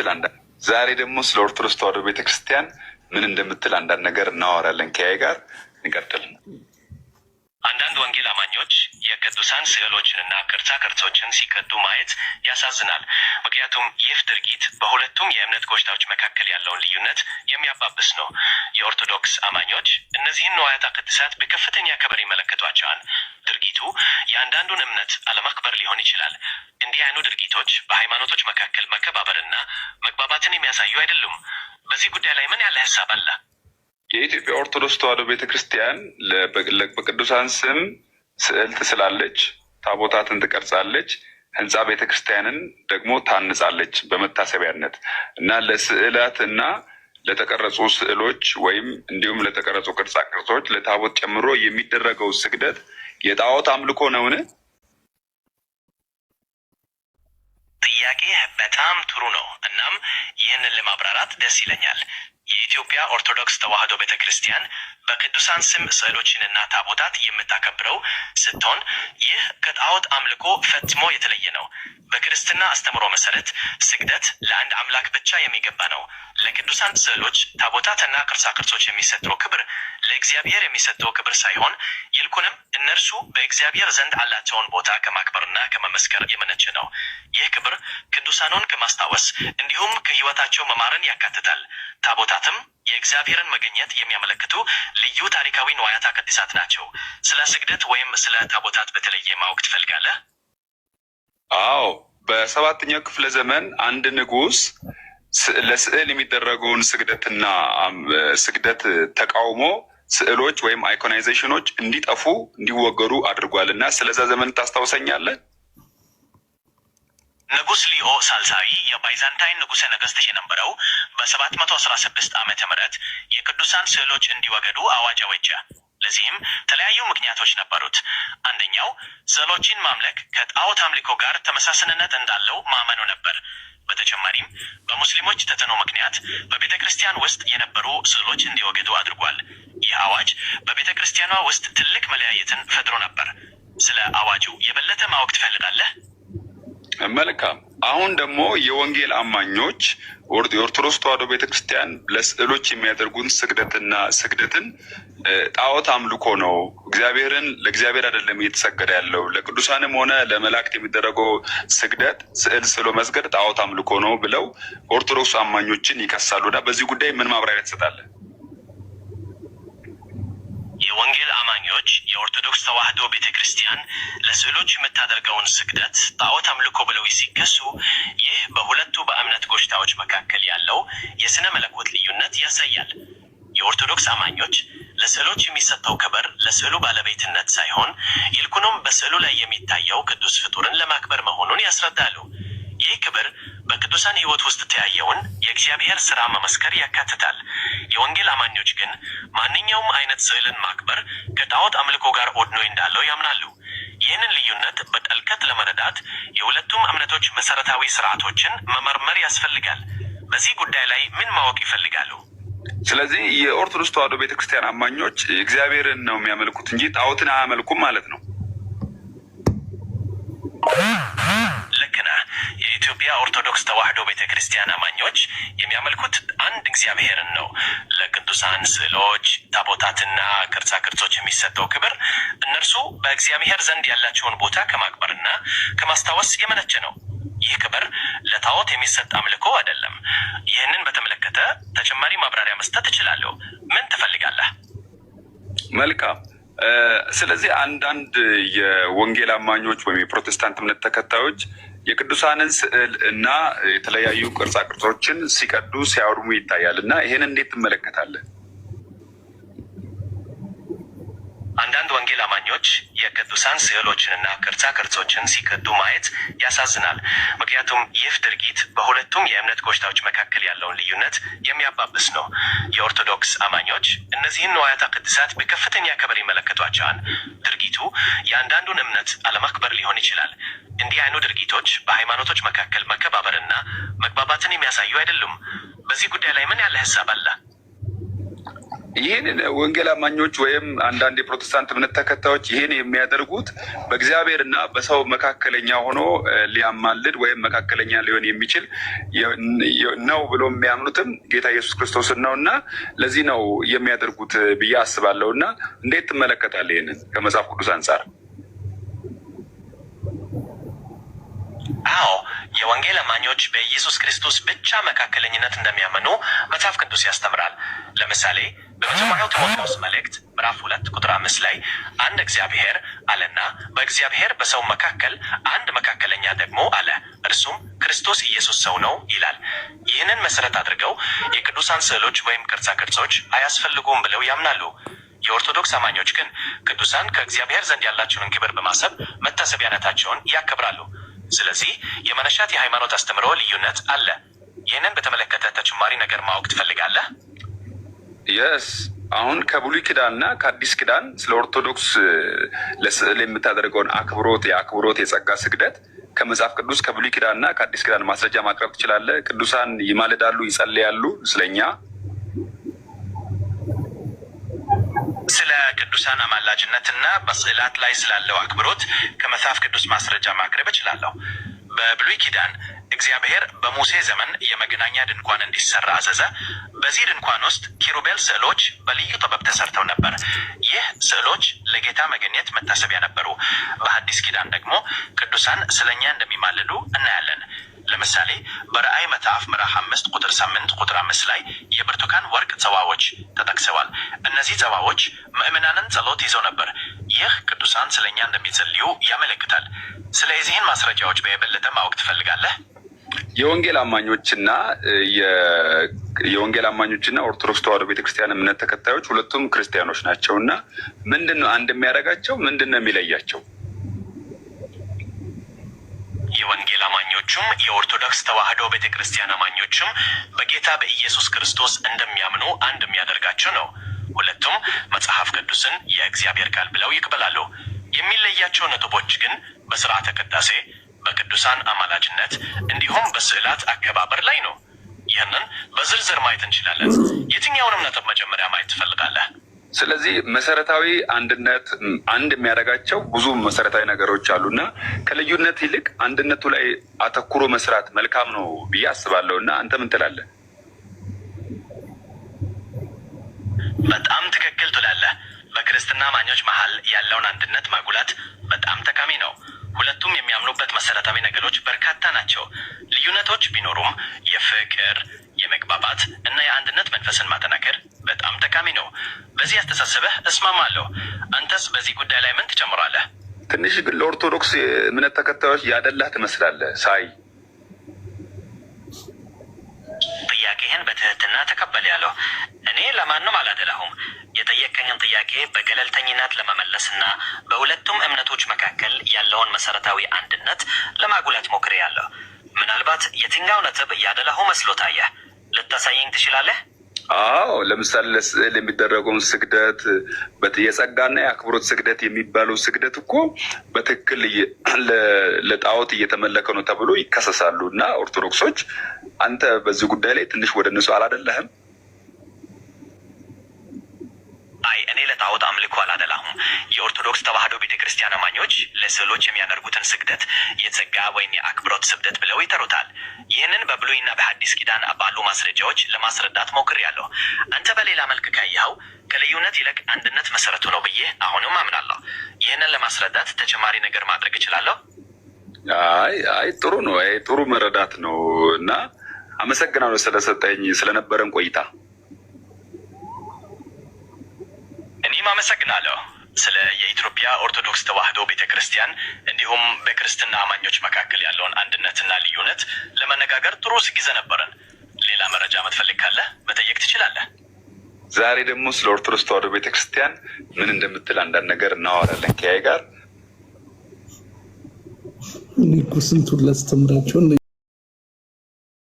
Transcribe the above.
እንደምትል አንዳ ዛሬ ደግሞ ስለ ኦርቶዶክስ ተዋህዶ ቤተክርስቲያን ምን እንደምትል አንዳንድ ነገር እናወራለን። ከያይ ጋር እንቀጥል። አንዳንድ ወንጌል አማኞች ቅዱሳን ስዕሎችንና ቅርጻ ቅርጾችን ሲቀዱ ማየት ያሳዝናል። ምክንያቱም ይህ ድርጊት በሁለቱም የእምነት ጎሽታዎች መካከል ያለውን ልዩነት የሚያባብስ ነው። የኦርቶዶክስ አማኞች እነዚህን ንዋያተ ቅድሳት በከፍተኛ ክብር ይመለከቷቸዋል። ድርጊቱ የአንዳንዱን እምነት አለማክበር ሊሆን ይችላል። እንዲህ አይኑ ድርጊቶች በሃይማኖቶች መካከል መከባበርና መግባባትን የሚያሳዩ አይደሉም። በዚህ ጉዳይ ላይ ምን ያለ ሀሳብ አለ? የኢትዮጵያ ኦርቶዶክስ ተዋሕዶ ቤተ ክርስቲያን በቅዱሳን ስም ስዕል ትስላለች፣ ታቦታትን ትቀርጻለች፣ ህንፃ ቤተክርስቲያንን ደግሞ ታንጻለች በመታሰቢያነት እና ለስዕላት እና ለተቀረጹ ስዕሎች ወይም እንዲሁም ለተቀረጹ ቅርጻ ቅርጾች ለታቦት ጨምሮ የሚደረገው ስግደት የጣዖት አምልኮ ነውን? ጥያቄ በጣም ጥሩ ነው። እናም ይህንን ለማብራራት ደስ ይለኛል። የኢትዮጵያ ኦርቶዶክስ ተዋሕዶ ቤተ ክርስቲያን በቅዱሳን ስም ስዕሎችንና ታቦታት የምታከብረው ስትሆን ይህ ከጣዖት አምልኮ ፈጽሞ የተለየ ነው። በክርስትና አስተምሮ መሰረት ስግደት ለአንድ አምላክ ብቻ የሚገባ ነው። ለቅዱሳን ስዕሎች፣ ታቦታትና ቅርሳቅርሶች የሚሰጠው ክብር ለእግዚአብሔር የሚሰጠው ክብር ሳይሆን ይልኩንም እነርሱ በእግዚአብሔር ዘንድ አላቸውን ቦታ ከማክበርና ከመመስከር የመነጨ ነው። ቅዱሳኑን ከማስታወስ እንዲሁም ከሕይወታቸው መማርን ያካትታል። ታቦታትም የእግዚአብሔርን መገኘት የሚያመለክቱ ልዩ ታሪካዊ ንዋያተ ቅድሳት ናቸው። ስለ ስግደት ወይም ስለ ታቦታት በተለየ ማወቅ ትፈልጋለህ? አዎ፣ በሰባተኛው ክፍለ ዘመን አንድ ንጉስ ለስዕል የሚደረገውን ስግደትና ስግደት ተቃውሞ ስዕሎች ወይም አይኮናይዜሽኖች እንዲጠፉ እንዲወገዱ አድርጓል እና ስለዛ ዘመን ታስታውሰኛለህ? ንጉስ ሊኦ ሳልሳዊ የባይዛንታይን ንጉሰ ነገስት የነበረው በ መቶ አስራ ስድስት ዓመተ ምህረት የቅዱሳን ስዕሎች እንዲወገዱ አዋጅ አወጀ። ለዚህም ተለያዩ ምክንያቶች ነበሩት። አንደኛው ስዕሎችን ማምለክ ከጣዖት አምልኮ ጋር ተመሳስንነት እንዳለው ማመኑ ነበር። በተጨማሪም በሙስሊሞች ተጽዕኖ ምክንያት በቤተ ክርስቲያን ውስጥ የነበሩ ስዕሎች እንዲወገዱ አድርጓል። ይህ አዋጅ በቤተ ክርስቲያኗ ውስጥ ትልቅ መለያየትን ፈጥሮ ነበር። ስለ አዋጁ የበለጠ ማወቅ ትፈልጋለህ? መልካም። አሁን ደግሞ የወንጌል አማኞች የኦርቶዶክስ ተዋዶ ቤተክርስቲያን ለስዕሎች የሚያደርጉን ስግደትና ስግደትን ጣዖት አምልኮ ነው፣ እግዚአብሔርን ለእግዚአብሔር አይደለም እየተሰገደ ያለው ለቅዱሳንም ሆነ ለመላእክት የሚደረገው ስግደት ስዕል ስሎ መስገድ ጣዖት አምልኮ ነው ብለው ኦርቶዶክስ አማኞችን ይከሳሉና በዚህ ጉዳይ ምን ማብራሪያ ትሰጣለን? ወንጌል አማኞች የኦርቶዶክስ ተዋህዶ ቤተ ክርስቲያን ለስዕሎች የምታደርገውን ስግደት ጣዖት አምልኮ ብለው ሲከሱ ይህ በሁለቱ በእምነት ጎሽታዎች መካከል ያለው የሥነ መለኮት ልዩነት ያሳያል። የኦርቶዶክስ አማኞች ለስዕሎች የሚሰጠው ክብር ለስዕሉ ባለቤትነት ሳይሆን ይልቁንም በስዕሉ ላይ የሚታየው ቅዱስ ፍጡርን ለማክበር መሆኑን ያስረዳሉ። ይህ ክብር በቅዱሳን ሕይወት ውስጥ ተያየውን የእግዚአብሔር ሥራ መመስከር ያካትታል። የወንጌል አማኞች ግን ማንኛውም አይነት ስዕልን ማክበር ከጣዖት አምልኮ ጋር ኦድኖ እንዳለው ያምናሉ። ይህንን ልዩነት በጥልቀት ለመረዳት የሁለቱም እምነቶች መሠረታዊ ሥርዓቶችን መመርመር ያስፈልጋል። በዚህ ጉዳይ ላይ ምን ማወቅ ይፈልጋሉ? ስለዚህ የኦርቶዶክስ ተዋሕዶ ቤተክርስቲያን አማኞች እግዚአብሔርን ነው የሚያመልኩት እንጂ ጣዖትን አያመልኩም ማለት ነው። የኢትዮጵያ ኦርቶዶክስ ተዋሕዶ ቤተ ክርስቲያን አማኞች የሚያመልኩት አንድ እግዚአብሔርን ነው። ለቅዱሳን ስዕሎች፣ ታቦታትና ቅርጻ ቅርጾች የሚሰጠው ክብር እነርሱ በእግዚአብሔር ዘንድ ያላቸውን ቦታ ከማክበርና ከማስታወስ የመነጨ ነው። ይህ ክብር ለታቦት የሚሰጥ አምልኮ አይደለም። ይህንን በተመለከተ ተጨማሪ ማብራሪያ መስጠት እችላለሁ። ምን ትፈልጋለህ? መልካም። ስለዚህ አንዳንድ የወንጌል አማኞች ወይም የፕሮቴስታንት እምነት ተከታዮች የቅዱሳንን ስዕል እና የተለያዩ ቅርጻ ቅርጾችን ሲቀዱ ሲያወድሙ ይታያል እና ይህን እንዴት ትመለከታለን? አንዳንድ ወንጌል አማኞች የቅዱሳን ስዕሎችንና ቅርጻ ቅርጾችን ሲቀዱ ማየት ያሳዝናል። ምክንያቱም ይህ ድርጊት በሁለቱም የእምነት ጎሽታዎች መካከል ያለውን ልዩነት የሚያባብስ ነው። የኦርቶዶክስ አማኞች እነዚህን ንዋያተ ቅድሳት በከፍተኛ ክብር ይመለከቷቸዋል። ድርጊቱ የአንዳንዱን እምነት አለማክበር ሊሆን ይችላል። እንዲህ አይኑ ድርጊቶች በሃይማኖቶች መካከል መከባበርና መግባባትን የሚያሳዩ አይደሉም። በዚህ ጉዳይ ላይ ምን ያለ ሀሳብ አለ? ይህን ወንጌል አማኞች ወይም አንዳንድ የፕሮቴስታንት እምነት ተከታዮች ይህን የሚያደርጉት በእግዚአብሔር እና በሰው መካከለኛ ሆኖ ሊያማልድ ወይም መካከለኛ ሊሆን የሚችል ነው ብሎ የሚያምኑትም ጌታ ኢየሱስ ክርስቶስን ነው እና ለዚህ ነው የሚያደርጉት ብዬ አስባለሁ። እና እንዴት ትመለከታለህ ይህንን ከመጽሐፍ ቅዱስ አንጻር? አዎ የወንጌል አማኞች በኢየሱስ ክርስቶስ ብቻ መካከለኝነት እንደሚያምኑ መጽሐፍ ቅዱስ ያስተምራል። ለምሳሌ በመጀመሪያው ጢሞቴዎስ መልእክት ምዕራፍ ሁለት ቁጥር አምስት ላይ አንድ እግዚአብሔር አለና በእግዚአብሔር በሰው መካከል አንድ መካከለኛ ደግሞ አለ፣ እርሱም ክርስቶስ ኢየሱስ ሰው ነው ይላል። ይህንን መሰረት አድርገው የቅዱሳን ስዕሎች ወይም ቅርጻ ቅርጾች አያስፈልጉም ብለው ያምናሉ። የኦርቶዶክስ አማኞች ግን ቅዱሳን ከእግዚአብሔር ዘንድ ያላቸውን ክብር በማሰብ መታሰቢያነታቸውን ያከብራሉ። ስለዚህ የመነሻት የሃይማኖት አስተምህሮ ልዩነት አለ። ይህንን በተመለከተ ተጨማሪ ነገር ማወቅ ትፈልጋለህ? የስ አሁን ከብሉይ ኪዳንና ከአዲስ ኪዳን ስለ ኦርቶዶክስ ለስዕል የምታደርገውን አክብሮት የአክብሮት የጸጋ ስግደት ከመጽሐፍ ቅዱስ ከብሉይ ኪዳንና ከአዲስ ኪዳን ማስረጃ ማቅረብ ትችላለህ። ቅዱሳን ይማልዳሉ፣ ይጸልያሉ። ስለኛ ስለ ቅዱሳን አማላጅነትና በስዕላት ላይ ስላለው አክብሮት ከመጽሐፍ ቅዱስ ማስረጃ ማቅረብ እችላለሁ። በብሉይ ኪዳን እግዚአብሔር በሙሴ ዘመን የመገናኛ ድንኳን እንዲሰራ አዘዘ። በዚህ ድንኳን ውስጥ ኪሩቤል ስዕሎች በልዩ ጥበብ ተሰርተው ነበር። ይህ ስዕሎች ለጌታ መገኘት መታሰቢያ ነበሩ። በሐዲስ ኪዳን ደግሞ ቅዱሳን ስለኛ እንደሚማልዱ እናያለን። ለምሳሌ በራእይ መጽሐፍ ምዕራፍ አምስት ቁጥር ስምንት ቁጥር አምስት ላይ የብርቱካን ወርቅ ጽዋዎች ተጠቅሰዋል። እነዚህ ጽዋዎች ምዕመናንን ጸሎት ይዘው ነበር። ይህ ቅዱሳን ስለኛ እንደሚጸልዩ ያመለክታል። ስለዚህን ማስረጃዎች በየበለጠ ማወቅ ትፈልጋለህ? የወንጌል አማኞችና የወንጌል አማኞችና ኦርቶዶክስ ተዋሕዶ ቤተክርስቲያን እምነት ተከታዮች ሁለቱም ክርስቲያኖች ናቸው እና ምንድን ነው አንድ የሚያደርጋቸው? ምንድን ነው የሚለያቸው? የወንጌል አማኞቹም የኦርቶዶክስ ተዋሕዶ ቤተክርስቲያን አማኞቹም በጌታ በኢየሱስ ክርስቶስ እንደሚያምኑ አንድ የሚያደርጋቸው ነው። ሁለቱም መጽሐፍ ቅዱስን የእግዚአብሔር ቃል ብለው ይቅበላሉ። የሚለያቸው ነጥቦች ግን በስርዓተ ቅዳሴ በቅዱሳን አማላጅነት እንዲሁም በስዕላት አከባበር ላይ ነው። ይህንን በዝርዝር ማየት እንችላለን። የትኛውንም ነጥብ መጀመሪያ ማየት ትፈልጋለህ? ስለዚህ መሰረታዊ አንድነት አንድ የሚያደርጋቸው ብዙ መሰረታዊ ነገሮች አሉ እና ከልዩነት ይልቅ አንድነቱ ላይ አተኩሮ መስራት መልካም ነው ብዬ አስባለሁ። እና አንተ ምን ትላለህ? በጣም ትክክል ትላለህ። በክርስትና ማኞች መሀል ያለውን አንድነት ማጉላት በጣም ጠቃሚ ነው። ሁለቱም የሚያምኑበት መሰረታዊ ነገሮች በርካታ ናቸው። ልዩነቶች ቢኖሩም የፍቅር የመግባባት እና የአንድነት መንፈስን ማጠናከር በጣም ጠቃሚ ነው። በዚህ እስማም እስማማለሁ። አንተስ በዚህ ጉዳይ ላይ ምን ትጨምራለህ? ትንሽ ግን ለኦርቶዶክስ እምነት ተከታዮች ያደላህ ትመስላለህ ሳይ ጥያቄህን በትህትና ተቀበል ያለው እኔ ለማንም አላደላሁም። የጠየቀኝን ጥያቄ በገለልተኝነት ለመመለስና በሁለቱም እምነቶች መካከል ያለውን መሰረታዊ አንድነት ለማጉላት ያለሁ ምናልባት የትኛው ነጥብ ያደላሁ መስሎ ታየ ልታሳየኝ ትችላለህ? አዎ ለምሳሌ ለስዕል የሚደረገውን ስግደት የጸጋና የአክብሮት ስግደት የሚባለው ስግደት እኮ በትክክል ለጣዖት እየተመለከ ነው ተብሎ ይከሰሳሉ። እና ኦርቶዶክሶች አንተ በዚህ ጉዳይ ላይ ትንሽ ወደ እነሱ አላደለህም? አይ እኔ ለጣዖት አምልኮ አላደላሁም። የኦርቶዶክስ ተዋህዶ ቤተ ክርስቲያን አማኞች ለስዕሎች የሚያደርጉትን ስግደት የጸጋ ወይም የአክብሮት ስግደት ብለው ይጠሩታል። ይህንን በብሉይና በሐዲስ ኪዳን ባሉ ማስረጃዎች ለማስረዳት ሞክሬያለሁ። አንተ በሌላ መልክ ካየኸው ከልዩነት ይልቅ አንድነት መሰረቱ ነው ብዬ አሁንም አምናለሁ። ይህንን ለማስረዳት ተጨማሪ ነገር ማድረግ እችላለሁ? አይ አይ ጥሩ ነው። ጥሩ መረዳት ነው እና አመሰግናለሁ ስለሰጠኝ ስለነበረን ቆይታ አመሰግናለሁ። ስለ የኢትዮጵያ ኦርቶዶክስ ተዋሕዶ ቤተ ክርስቲያን እንዲሁም በክርስትና አማኞች መካከል ያለውን አንድነትና ልዩነት ለመነጋገር ጥሩ ጊዜ ነበረን። ሌላ መረጃ መትፈልግ ካለ መጠየቅ ትችላለህ። ዛሬ ደግሞ ስለ ኦርቶዶክስ ተዋሕዶ ቤተ ክርስቲያን ምን እንደምትል አንዳንድ ነገር እናወራለን ከያይ ጋር ንጉስን ቱለስ